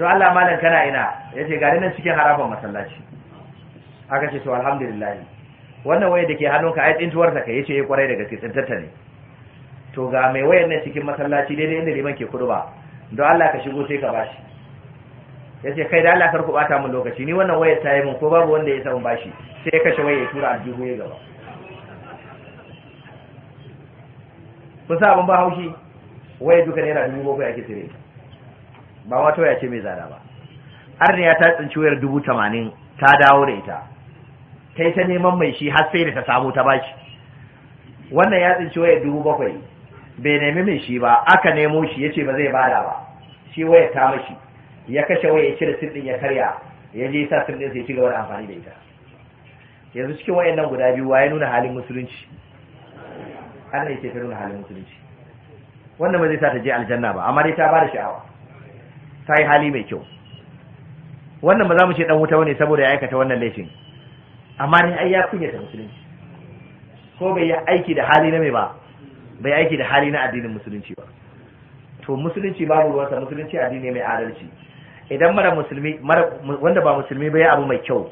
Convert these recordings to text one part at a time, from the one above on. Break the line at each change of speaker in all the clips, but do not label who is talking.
don Allah malam kana ina ya ce gari nan cikin haraban masallaci aka ce to alhamdulillah wannan waya da ke hannunka ai tsintuwar ka yace ya eh, kwarai da gaske tsintatta ne to ga mai wayar nan cikin masallaci daidai inda liman ke kurba don Allah ka shigo sai ka bashi Yace, kai da Allah ku bata min lokaci ni wannan wayar ta yi min ko babu wanda ya samu bashi sai ya kashe waya ya tura aljihu ya gaba kun sa abin ba haushi wayar duka naira dubu bakwai ake tire ba wata waya ce mai zada ba arniya ta tsinci wayar dubu tamanin ta dawo da ita ta yi ta neman mai shi har sai da ta samu ta bashi wannan ya tsinci wayar dubu bakwai bai nemi mai shi ba aka nemo shi ya ce ba zai bada ba shi wayar ta mashi ya kashe waya ya cire sirɗin ya karya ya je sa sirɗin sai ci gaba da amfani da ita yanzu cikin wayannan guda biyu waye nuna halin musulunci Allah ya ce ta nuna halin musulunci wannan ba zai sa ta je aljanna ba amma dai ta bada sha'awa ta yi hali mai kyau wannan ba za mu ce dan wuta bane saboda ya aikata wannan laifin amma ne ai ya kunyata musulunci ko bai yi aiki da hali na mai ba bai aiki da hali na addinin musulunci ba to musulunci babu sa, musulunci addini mai adalci idan mara musulmi mara wanda ba musulmi ba ya abu mai kyau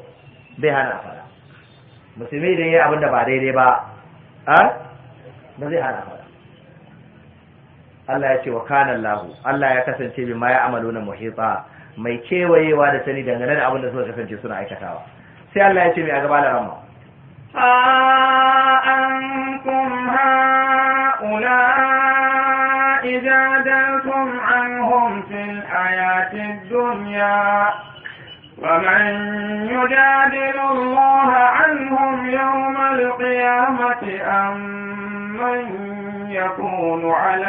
bai hana fara musulmi idan ya abin da ba daidai ba a ba zai hana fara Allah ya ce wa kana Allah Allah ya kasance bi ma ya na muhita mai kewayewa da sani dangane da abin da suka kasance suna aikatawa sai Allah ya ce mai a gaba da rama
ha ankum haula ijadatum anhum fil hayatid dunya ومن يجادل الله عنهم يوم القيامة أم من Ya wai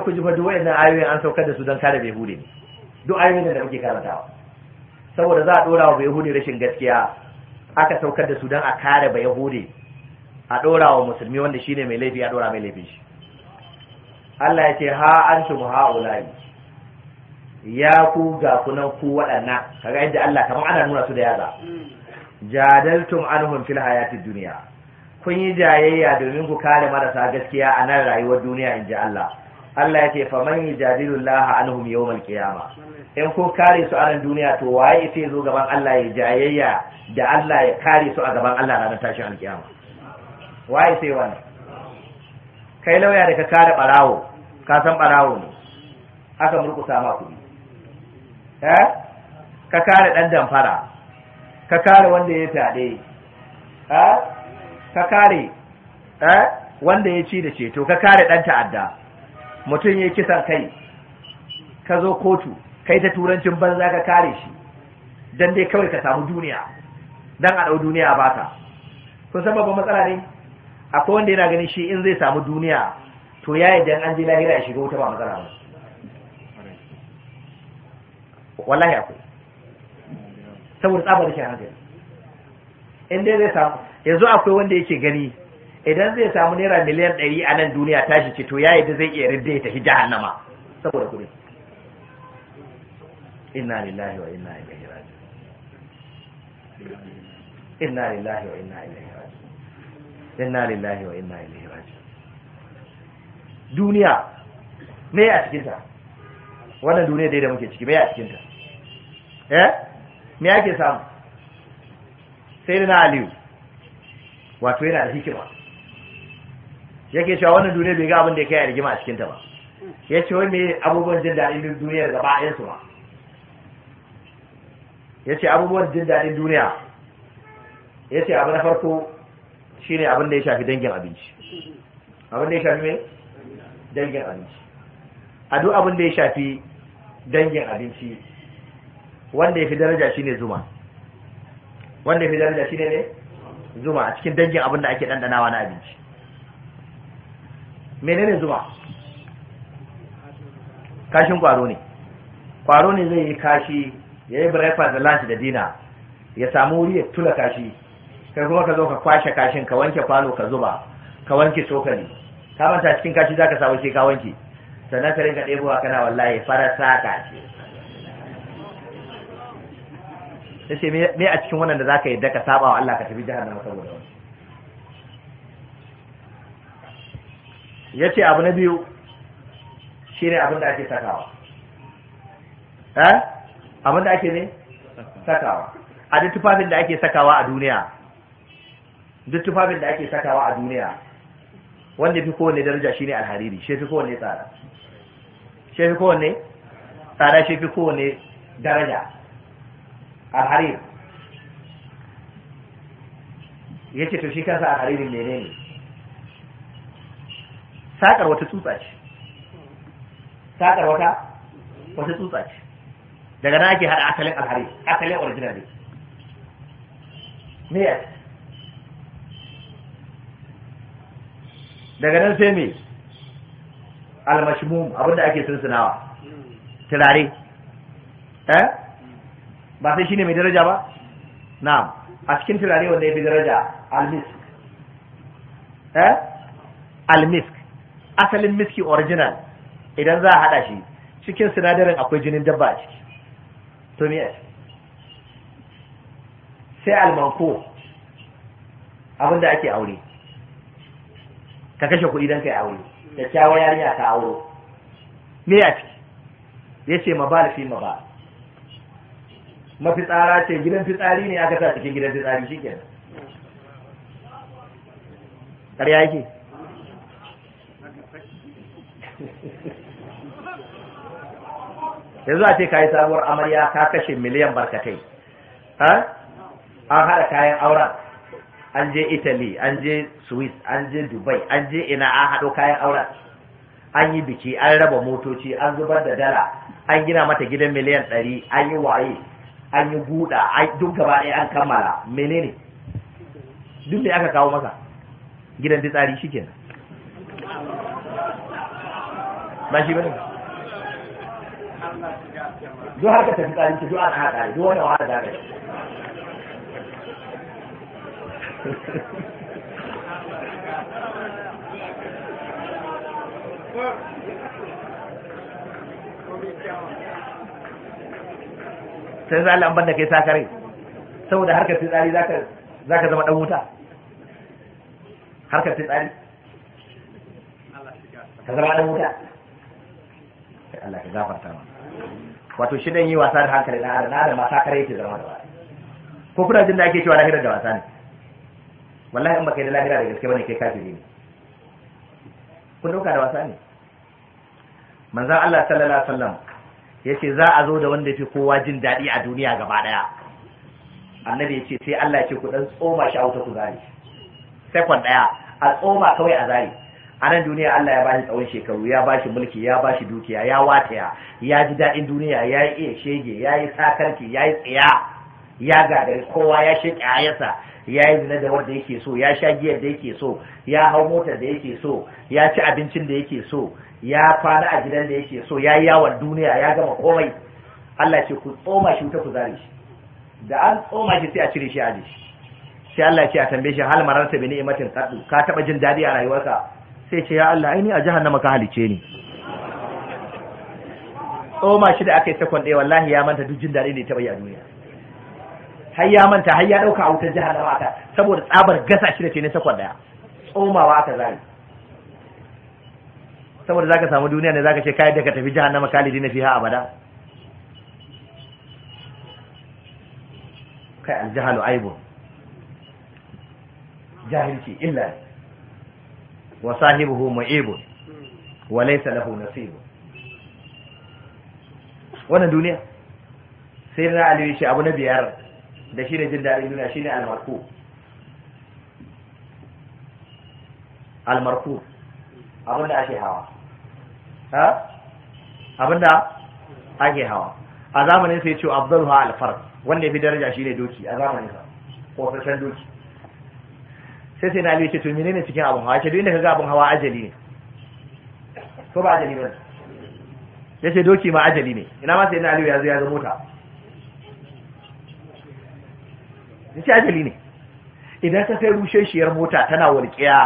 ku ji
fa duk wayannan ayoyin an saukar da su don kare bai ne duk ayoyin da muke karantawa saboda za a dora wa bai rashin gaskiya aka saukar da su don a kare bai hude a dora wa musulmi wanda shine mai laifi a dora mai laifin shi Allah ya ce ha antum haula'i ya ku ga kunan ku waɗannan kaga yadda Allah kamar ana nuna su da yaza hmm. jadaltum anhum fil hayatid dunya kun yi jayayya domin ku kare marasa gaskiya a nan rayuwar duniya in ji Allah Allah ya ce fa man laha an hum yau qiyama in kun kare su a nan duniya to waye sai zo gaban Allah ya jayayya da Allah ya kare su a gaban Allah ranar tashin alkiyama waye sai wani kai lauya da ka kare barawo ka san barawo ne aka murkusa ma kuɗi eh ka kare ɗan damfara ka kare wanda ya fyaɗe eh ka kare eh wanda ya ci da ceto ka kare dan ta'adda mutum ya kisan kai ka zo kotu kai ta turancin banza ka kare shi dan dai kawai ka samu duniya dan a dau duniya a baka kun san babban matsala ne akwai wanda yana ganin shi in zai samu duniya to ya yi dan an ji lahira ya shiga wuta ba matsala ba wallahi akwai saboda tsabar da ke hankali in dai zai samu yanzu akwai wanda yake gani idan zai samu naira miliyan ɗari a nan duniya tashi ce to ya yi da zai iya ridda ya tafi jahannama saboda kuɗi inna lillahi wa inna ilaihi raji'un inna lillahi wa inna ilaihi raji'un inna lillahi wa inna ilaihi raji'un duniya me a cikin ta wannan duniya dai da muke ciki me a cikin ta eh me ake samu sai na aliyu wato yana da hikima yake cewa wannan duniya bai ga abin da ya kai rigima a cikin ta ba ya ce wai me abubuwan jin daɗin duniyar gaba ɗayan su ba ya ce abubuwan jin daɗin duniya ya ce abu na farko shine abin da ya shafi dangin abinci abin da ya shafi me dangin abinci a duk abin da ya shafi dangin abinci wanda ya fi daraja shine zuma wanda ya fi daraja shine ne zuma a cikin dangin abin da ake ɗanɗanawa na abinci menene zuma kashin kwaro ne kwaro ne zai yi kashi ya yi breakfast da lunch da dina ya samu wuri ya tula kashi kai kuma ka zo ka kwashe kashin ka wanke kwano ka zuba ka wanke cokali ka manta cikin kashi za ka samu sai ka wanke sannan ka rinka ɗebowa kana wallahi fara sa kashi sai me me a cikin wannan da zaka yadda ka saba wa Allah ka tafi jahannama saboda wannan yace abu na biyu shine abin da ake sakawa eh abin da ake ne sakawa a duk tufafin da ake sakawa a duniya duk tufafin da ake sakawa a duniya wanda fi kowanne daraja shine alhariri shi fi kowanne tsada shi fi kowanne tsada shi fi kowanne daraja a harir ya ce to shi kansa a haririn menene sakar wata tsutsa ce sakar wata wata tsutsa ce daga na ake hada asalin alhari asalin original ne me daga nan sai me almashmum abinda ake sunsunawa turare eh ba sai shine mai daraja ba na'am a cikin turare wanda ya fi daraja almisk eh almisk asalin miski original idan za a hada shi cikin sinadarin akwai jinin dabba a ciki to ne sai almanko abinda ake aure ka kashe kuɗi don kai aure da kyawun yarinya ka auro ne a ciki Ya ce ma ba da fi ba. mafitsara ce gidan fitsari ne aka sa cikin gidan fitsari ke ƙarya yake yanzu a ce ka yi sabuwar amarya ka kashe miliyan barkatai an haɗa kayan auren an je italy an je swiss an je dubai an je ina an haɗo kayan auren an yi biki an raba motoci an zubar da dala an gina mata gidan miliyan ɗari an yi waye an yi buɗa duk gaba ɗaya an kammala menene duk da aka kawo masa gidan fitsari shi kenan ba shi bane duk haka ta fitsari ce duk an haɗa ne duk wani wahala da ne Thank you. sai za Allah ban da kai sakare saboda harkar fitsari zaka zaka zama dan wuta harkar fitsari ka zama dan wuta Allah ka gafarta ma. wato shi dan yi wasa da hankali da na da ma sakare yake zama da wasa ko kuna jin da ake cewa lahira da wasa ne wallahi in baka yi da lahira da gaske bane kai kafiri ne kun dauka da wasa ne manzon Allah sallallahu alaihi wasallam yace za a zo da wanda fi kowa jin daɗi a duniya gaba ɗaya annabi ce sai Allah ce ku dan tsoma shi auta ku zari second ɗaya a tsoma kawai a zari a nan duniya Allah ya bashi tsawon shekaru ya bashi mulki ya bashi dukiya ya wataya ya ji daɗin duniya ya yi iya shege ya yi sakarki ya yi tsiya ya gada kowa ya shi ƙayasa ya yi zina da wanda yake so ya sha giyar da yake so ya hau motar da yake so ya ci abincin da yake so ya kwana a gidan da yake so ya yi yawon duniya ya gama komai Allah ce ku tsoma shi wuta ku zare shi da an tsoma shi sai a cire shi a shi sai Allah ce a tambaye shi hal mararta bi ni'matin qaddu ka taba jin dadi a rayuwarka sai ce ya Allah ai ni a jahannama ka halice ni tsoma shi da aka yi sakon ɗaya wallahi ya manta duk jin dadi ne ya bayyana yi a duniya har ya manta har ya dauka a wutar jahannama ta saboda tsabar gasa shi da ce ne sakon daya tsomawa aka zari saboda zaka samu duniya ne zaka ce kai da ka tafi jahannama kalidi na fiha abada kai aljahalu aibun jahilci illa wa sahibuhu mu'ibun wa laysa lahu nasibun wannan duniya sai na aliyu shi abu na biyar da shi da jin daɗin duniya ne almarku almarku abinda ake hawa ha abinda ake hawa a zamanin sai ce ha alfar wanda ya fi daraja shi ne doki a zamanin sa ko fashan doki sai sai na ce to ne cikin abin hawa ce duk inda ga abin hawa ajali ne ko ba ajali ba ce doki ma ajali ne ina ma sai na Aliyu ya zo ya zo mota yace ajali ne idan ka kai rushe shiyar mota tana walƙiya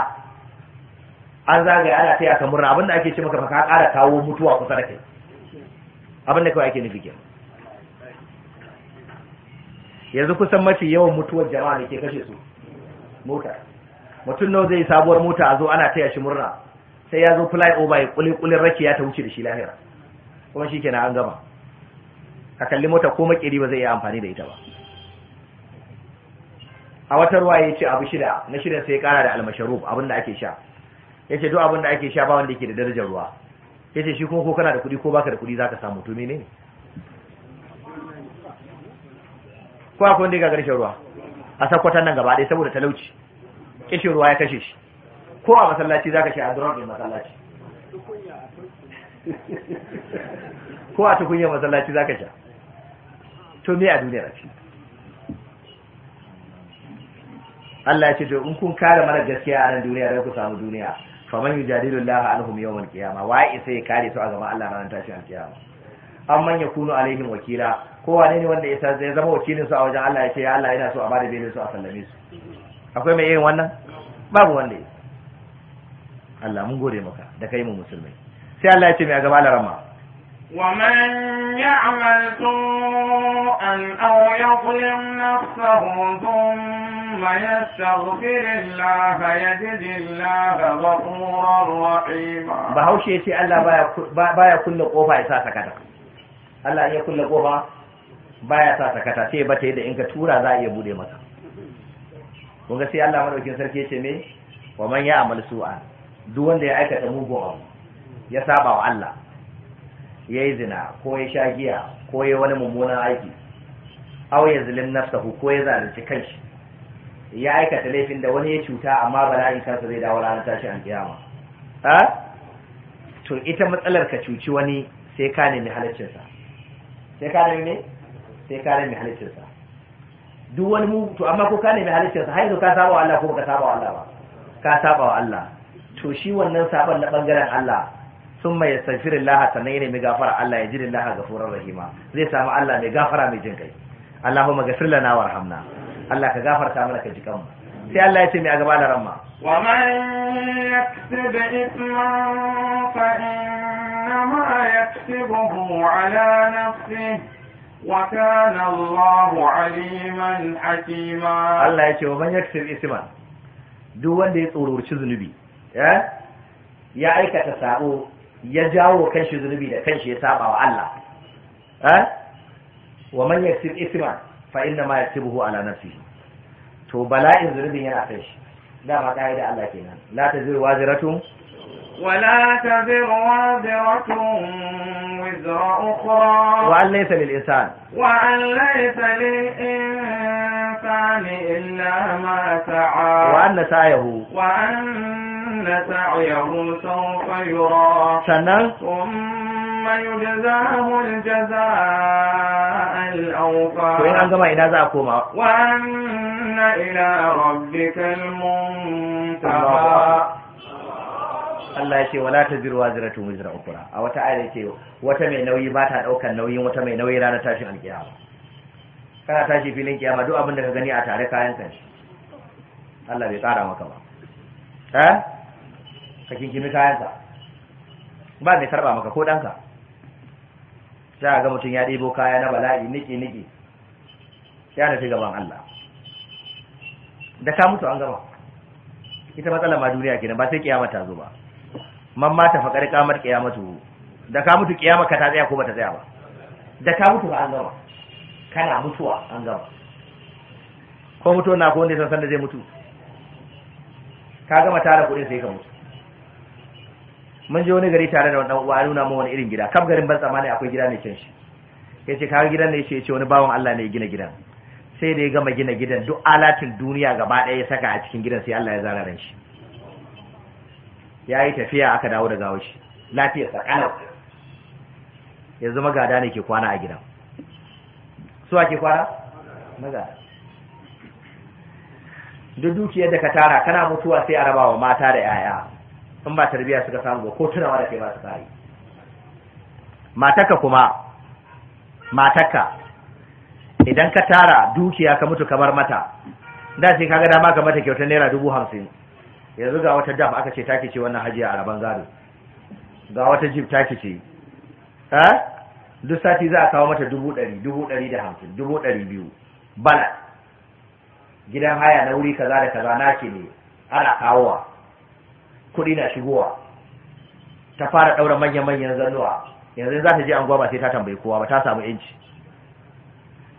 an zagaya ana taya ka murna abinda ake ce maka ka ƙara kawo mutuwa kusa da kai abinda kawai ake nufi kenan yanzu kusan mafi yawan mutuwar jama'a ne ke kashe su mota mutum nawa zai sabuwar mota a zo ana taya shi murna sai ya zo fly over ya kuli kulin rake ya ta wuce da shi lahira kuma shi kenan an gama ka kalli mota ko maƙeri ba zai iya amfani da ita ba a wata ruwa ya ce abu shida na shida sai ya kara da almasharub abin da ake sha ya ce duk abin da ake sha ba wanda yake da darajar ruwa ya ce shi kuma ko kana da kuɗi ko baka da kuɗi za ka samu to mene ne ko akwai wanda ya gagar ruwa a sakwata nan gaba ɗaya saboda talauci kishin ruwa ya kashe shi ko a masallaci za ka sha a zuron ɗin masallaci ko a tukunya masallaci za ka sha to me a duniya a Allah ya ce to in kun kare mara gaskiya a nan duniya da ku samu duniya faman yujadilu Allah anhum yawmal qiyama wa isa ya kare su a gaban Allah ranar tashin amma ya kunu alaihim wakila ko wane ne wanda ya zai zama wakilin su a wajen Allah ya ce ya Allah yana so a bada belin su a sallame su akwai mai yin wannan babu wanda ya Allah mun gode maka da kai mu musulmai sai Allah ya ce mai a gaba larama
ومن يعمل سوءا أو يظلم نفسه ثم Bahaushe ce Allah
الله غفورا kulle ƙofa ya sa بايا sa sakata sai ba ta da in ka tura za a iya bude masa Kunga sai Allah madaukin sarki ya ce me wa man ya amal su'a duk wanda ya aikata mugun abu ya saba wa Allah ya yi zina ko ya sha giya ko ya wani mummunan aiki au ya zilin nafsahu ko ya zalunci kanshi ya aikata laifin da wani ya cuta amma bala'in kansa zai dawo ranar an kiyama a to ita matsalar ka cuci wani sai ka nemi halaccinsa sai ka nemi sai ka nemi halaccinsa duk wani mu to amma ko ka nemi halaccinsa har ka saba wa Allah ko baka saba wa Allah ba ka saba wa Allah to shi wannan saban na bangaren Allah sun mai yastaghfirun Allah sannan ya nemi gafara Allah ya ji ga ghafurur rahima zai samu Allah mai gafara mai jin kai Allahumma ghafir lana warhamna Allah ka gafarta mana ka ji mu sai Allah ya ce mai a gaba da ramma
wa man yaksib ithman fa ma yaksibuhu ala nafsihi aliman hakima
Allah ya ce wa man يكسب اسما duk wanda ya tsororci zunubi eh, ya aikata sabo ya jawo kanshi zunubi da kanshi ya saba wa Allah eh, wa man yaksib isma فإنما يكتبه على نفسه تو بلاء الزرب ينعقش لا مقايدة على كينا لا تزر وازرة
ولا تزر وازرة وزر أخرى وأن
ليس للإنسان
وأن ليس للإنسان إلا ما سعى وأن سعيه وأن سعيه سوف
يرى
سنة
ثم ثم يجزاه الجزاء الأوفى وأن إلى ربك المنتهى
Allah ya ce wala taziru waziratu wizra ukura a wata ayar ce wata mai nauyi ba ta daukar nauyin wata mai nauyi ranar tashin alkiyama kana tashi filin kiyama duk abin da ka gani a tare kayan ka Allah bai tsara maka ba eh ka kinkimi kayan ka ba mai karba maka ko ka sai ga mutum ya ɗebo kaya na bala'i niki niki ya nufi gaban Allah da ka mutu an gama ita matsala ma duniya kenan ba sai kiyama ta zo ba man ma ta faƙar kamar kiyamatu da ka mutu kiyama ka ta tsaya ko ba ta tsaya ba da ka mutu ba an gama kana mutuwa an gama ko mutu na ko wanda san san da zai mutu ka gama tara kuɗin sai ka mutu mun je wani gari tare da wani dan uwa nuna mu wani irin gida kam garin ban tsamani akwai gida mai kyan shi yace kaga gidan ne yace ce wani bawan Allah ne ya gina gidan sai da ya gama gina gidan duk alatin duniya gaba ɗaya ya saka a cikin gidan sai Allah ya zara ran shi yayi tafiya aka dawo da gawo shi lafiya tsakanin zama gada ne ke kwana a gidan su ke kwana maza duk dukiyar da ka tara kana mutuwa sai a raba wa mata da yaya in ba tarbiya suka samu ba ko tunawa da kai ba su kare mataka kuma mataka idan ka tara dukiya ka mutu kamar mata da sai kaga dama ka mata kyautar naira dubu hamsin yanzu ga wata daf aka ce take ce wannan hajiya a rabon gado ga wata jib take eh? ce ha duk sati za a kawo mata dubu ɗari dubu ɗari da hamsin dubu ɗari biyu bala gidan haya na wuri kaza da kaza na ke ne ana kawowa kuɗi na shigowa ta fara ɗaura manya-manyan zannuwa yanzu za ta je anguwa ba sai ta tambayi kowa ba ta samu inci.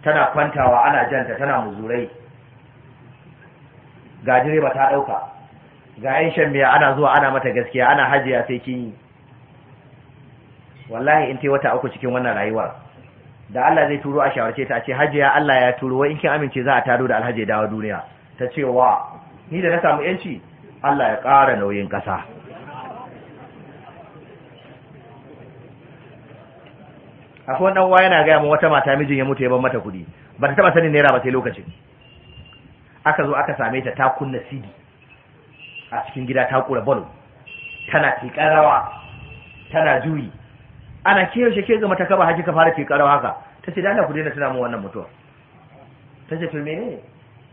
tana kwantawa ana janta tana muzurai ga direba ta ɗauka ga yan shan miya ana zuwa ana mata gaskiya ana hajiya sai kin yi wallahi in ta wata uku cikin wannan rayuwar da Allah zai turo a shawarce ta ce hajiya Allah ya turo wai in kin amince za a taro da alhaji dawo duniya ta ce wa ni da na samu yanci Allah ya ƙara nauyin ƙasa Akwai wannan wa yana gaya min wata mata mijin ya mutu ya ban mata kuɗi ba ta taɓa sanin naira ba sai lokacin aka zo aka same ta ta kunna sidi a cikin gida ta kura balo tana tiƙar rawa tana juyi ana ke yaushe ke zama ta kaba haji ka fara tiƙar rawa haka ta ce dana kuɗi na tana mu wannan mutuwa ta ce to menene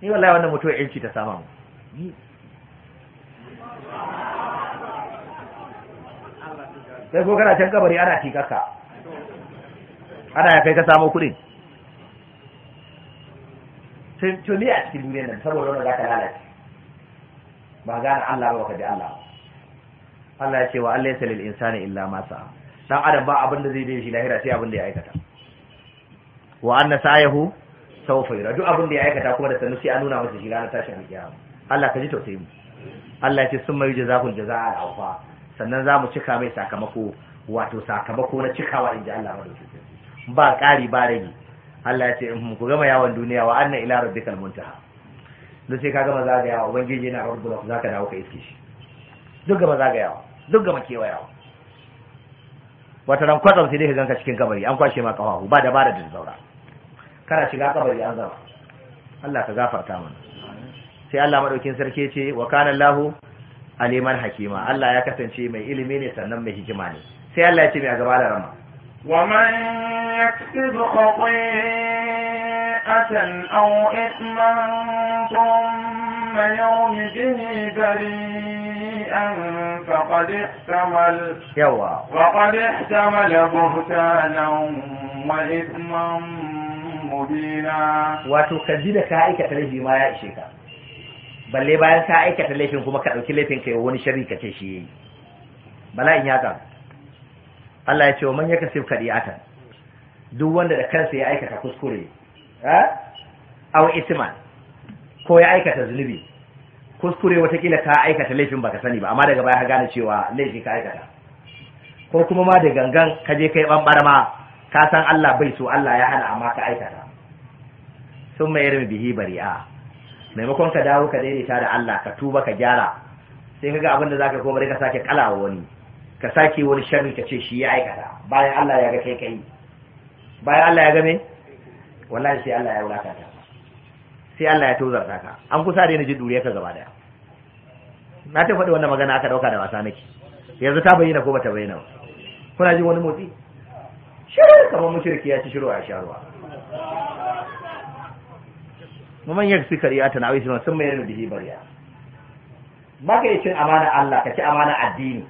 ni wallahi wannan mutuwa ƴanci ta sama mu sai ko kana can kabari ana tikaka ana ya kai ka samo kuɗin tuni a cikin duniyar nan saboda wanda za ka lalace ba gane Allah ba ka ji Allah Allah ya ce wa Allah ya salil insani illa ma sa'a dan adam ba abin da zai bi shi lahira sai abin da ya aikata wa anna sa'ahu sawfa yura duk abin da ya aikata kuma da sanu sai an nuna masa shi ranar tashin alkiyama Allah ka ji tausayi mu Allah ya ce summa yujzakul jazaa'a al-awfa sannan za mu cika mai sakamako wato sakamako na cikawa inji Allah madaukakin ba ƙari ba rage Allah ya ce in mm, ku gama yawon duniya wa anna ila rabbikal muntaha don sai ka gama zagayawa ubangiji yana rabbul za zaka dawo ka iske shi duk gama zagayawa duk gama kewayawa wata ran kwatsam sai dai ka ganka cikin kabari an kwashe ma kafafu ba dabara da zaura kana shiga kabari an zama Allah ka gafarta mana sai Allah madaukin sarki ce wa kana Allahu aliman hakima Allah ya kasance mai ilimi ne sannan mai hikima ne sai Allah ya ce mai a gaba da rama
ومن يكسب خطيئة أو إثما ثم يرم به بريئا فقد احتمل يوا وقد احتمل بهتانا وإثما مبينا
وتكذبك هائك تلجي ما يأشيك balle bayan ka aikata laifin kuma ka ɗauki laifin kai wani shari'a ka ce shi yayi bala'in ya karu Allah ya ce wa man ya yakasib kadiyatan duk wanda da kansa ya aikata kuskure eh aw isman ko ya aikata zunubi kuskure kila ka aikata laifin baka sani ba amma daga baya ka gane cewa laifi ka aikata ko kuma ma da gangan ka je kai bambar ma ka san Allah bai so Allah ya hana amma ka aikata sun mayar irin bihi bari'a maimakon ka dawo ka daidaita da Allah ka tuba ka gyara sai kaga abin da zaka koma ka sake kalawa wani ka sake wani sharri ka ce shi ya aikata bayan Allah ya ga kai kai bayan Allah ya ga me wallahi sai Allah ya wulaka ta sai Allah ya tozar ka an kusa da daina ji duriyar ka gaba daya na ta faɗi wannan magana aka dauka da wasa nake yanzu ta bayyana ko bata bayyana ba kuna jin wani motsi shirin kamar mushriki ya ci shiru a sharuwa mu man yaksi a tana isma sun mai bihi bariya baka yi cin amana Allah ka ci amana addini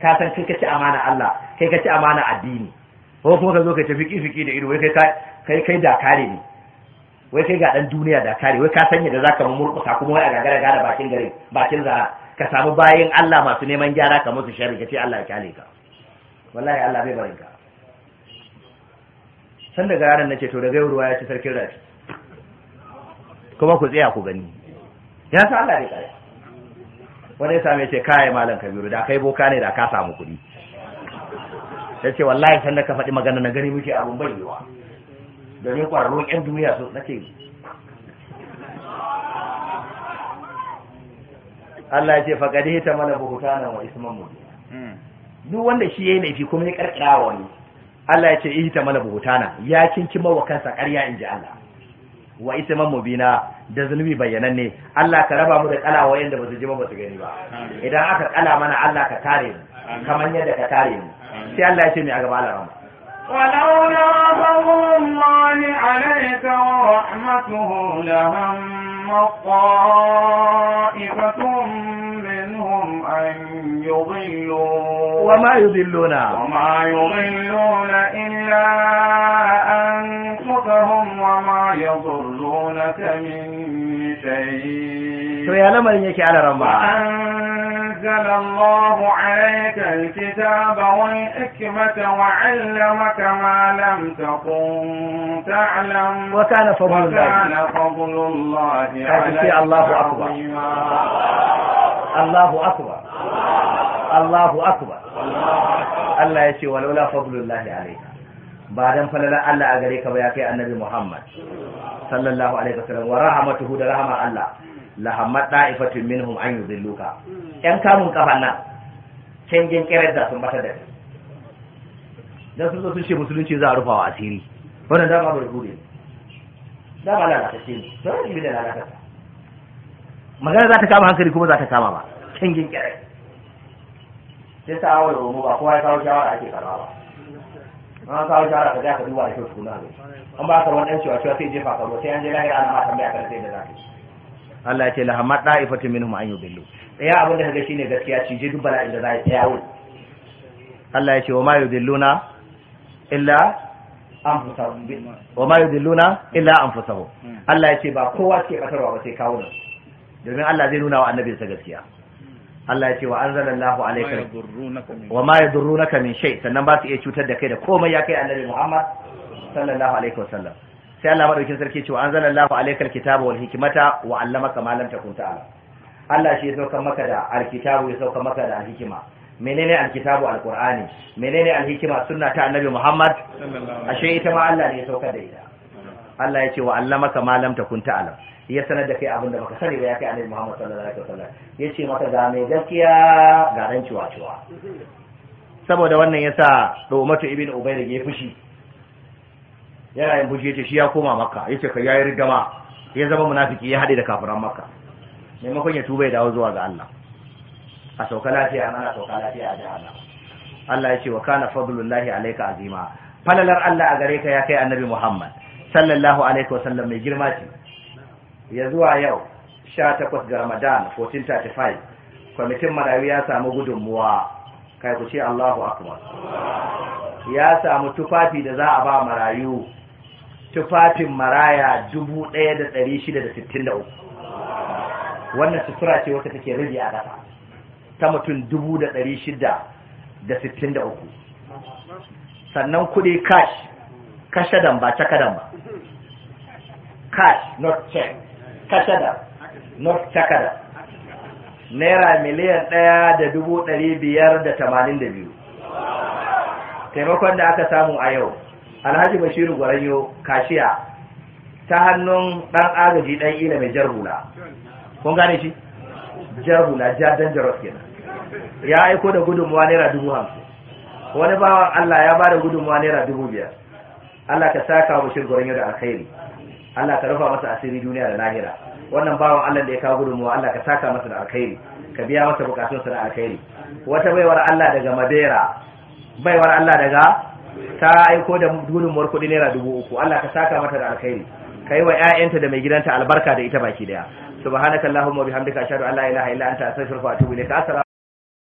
ka san kai ka ci amana Allah kai ka ci amana addini ko kuma ka zo ka tafi fiki da ido wai kai kai kai da kare ne wai kai ga dan duniya da kare wai ka sanya da zaka mu murkusa kuma wai a gagara gara bakin gare bakin za ka samu bayin Allah masu neman gyara ka musu sharri ka ce Allah ya kyale ka wallahi Allah bai barinka san daga yaran nace to daga yau ruwa ya ci sarkin rafi kuma ku tsaya ku gani ya sa Allah ne kare wani ya same ce kai malam kabiru da kai boka ne da ka samu kuɗi ya ce wallahi san da ka faɗi magana na gani muke abun bayyewa domin kwararrun 'yan duniya so nake Allah ya ce faƙaɗe ta mana buhutanan wa isman mu hmm. duk wanda shi ya yi laifi kuma ya ƙarƙira wani Allah ya ce ihi ta mana buhutana ya kinki mawa kansa ƙarya in ji Allah wa ita isman mubina da zunubi bayyananne Allah ka raba mu da kala wayanda ba su ji ba ba su gani ba idan aka kala mana Allah ka tare mu kamar yadda ka tare mu sai Allah ya ce mai a gaba Allah rama
ولولا فضل الله عليك ورحمته لهم طائفة منهم أن يضلوا
وما يضلون وما
يضلون إلا أنفسهم وما يضرون to
ya lamalai ne ke ana ramba. an
zallallahu akal kisa ba wancan lama allah ya ce
allahu akubaa allahu
akubaa ba don kallon na'alla a gare kaba ya kai annabi muhammad. sallallahu alaihi wasallam wa rahmatuhu da rahama Allah la hammat da'ifatun minhum an yudilluka yan kamun kafan nan cangin kirar da sun bata da dan sun zo sun ce musulunci za a rufa wa asiri wannan da ba burbude da ba lalata ce ne to ni da lalata magana za ta kama hankali kuma za ta kama ba cengin kirar sai ta awo mu ba kowa ya kawo shawara ake karawa ba an kawo shahara ka ja ka duba da kyau tukuna ne an ba ka wani cewa cewa sai jefa ka sai an je lahira ana ma tambaya kan sai da za Allah ya ce la hamma da'ifatu minhum an yubillu daya abin da kaga shine gaskiya ci je duk inda za ya yawo Allah ya ce wa ma yudilluna illa anfusahum wa ma yudilluna illa anfusahum hmm. Allah ya ce ba kowa ke batarwa ba sai kawo domin Allah zai nuna wa Annabi sa gaskiya Allah ya ce wa anzalallahu alayka wa ma yadurrunaka min shay sannan ba su iya cutar da kai da komai ya kai annabi Muhammad sallallahu alaihi wasallam sai Allah madaukin sarki ce wa anzalallahu alaykal kitaba wal hikmata wa 'allamaka ma lam takun ta'lam Allah shi ya sauka maka da alkitabu ya sauka maka da alhikima menene alkitabu alqur'ani menene alhikima sunna ta annabi Muhammad ashe ita ma Allah ne ya sauka da ita Allah ya ce wa 'allamaka ma lam takun ta'lam ya sanar da kai abin da baka sani ba ya kai annabi Muhammad sallallahu alaihi wasallam ya ce maka ga mai gaskiya ga dan ciwa ciwa saboda wannan yasa Umatu ibn Ubayd ya fushi yana yin fushi yace shi ya koma Makka yace kai yayi rigama ya zama munafiki ya hade da kafiran Makka maimakon ya tuba ya dawo zuwa ga Allah a sauka lafiya ana sauka lafiya a jihar Allah ya ce wa kana fadlullahi alayka azima falalar Allah a gare ka ya kai annabi Muhammad sallallahu alaihi wasallam mai girma ce ya zuwa yau 18 ga Ramadan 1435 kwamitin marayu ya samu gudunmuwa kai ku ce Allahu akbar ya samu tufafi da za a ba marayu tufafin maraya 1663 wannan sutura ce wata take rage a ƙasa ta mutum 1663 sannan kuɗi cash kashadan ba cakadan ba cash not check Kasada, North takada naira miliyan ɗaya da dubu ɗari biyar da tamanin da biyu taimakon da aka samu a yau alhaji bashiru gwaranyo kashiya ta hannun ɗan agaji ɗan ila mai jarhula kun gane shi Jarbula jadan jaros kenan ya aiko da gudunmuwa naira dubu hamsin wani bawan allah ya ba da gudunmuwa naira dubu biyar allah ka saka wa Bashiru gwaranyo da alkhairi Allah ka rufa masa asiri duniya da lahira wannan bawan Allah da ya kawo gudunmuwa Allah ka saka masa da alkhairi ka biya masa bukatunsa da alkhairi wata baiwar Allah daga Madera baiwar Allah daga ta aiko da gudunmuwar kuɗi naira dubu uku Allah ka saka mata da alkhairi ka yi wa 'ya'yanta da mai gidanta albarka da ita baki daya subhanakallahumma wa bihamdika ashhadu an la ilaha illa anta astaghfiruka wa atubu ilaik